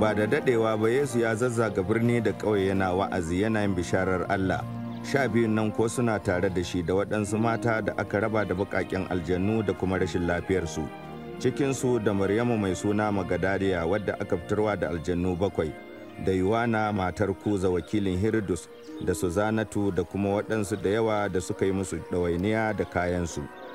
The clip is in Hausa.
ba da dadewa ba yesu ya zazzaga birni da ƙauye yana wa'azi yana yin bisharar allah sha biyun nan ko suna tare da shi da waɗansu mata da aka raba da bukakin aljannu da kuma rashin lafiyarsu cikinsu da maryamu mai suna magadariya wadda aka fitarwa da aljannu bakwai da yuwana matar kuza wakilin hirdus da suzanatu da kuma waɗansu da yawa da suka yi musu ɗawainiya da kayansu.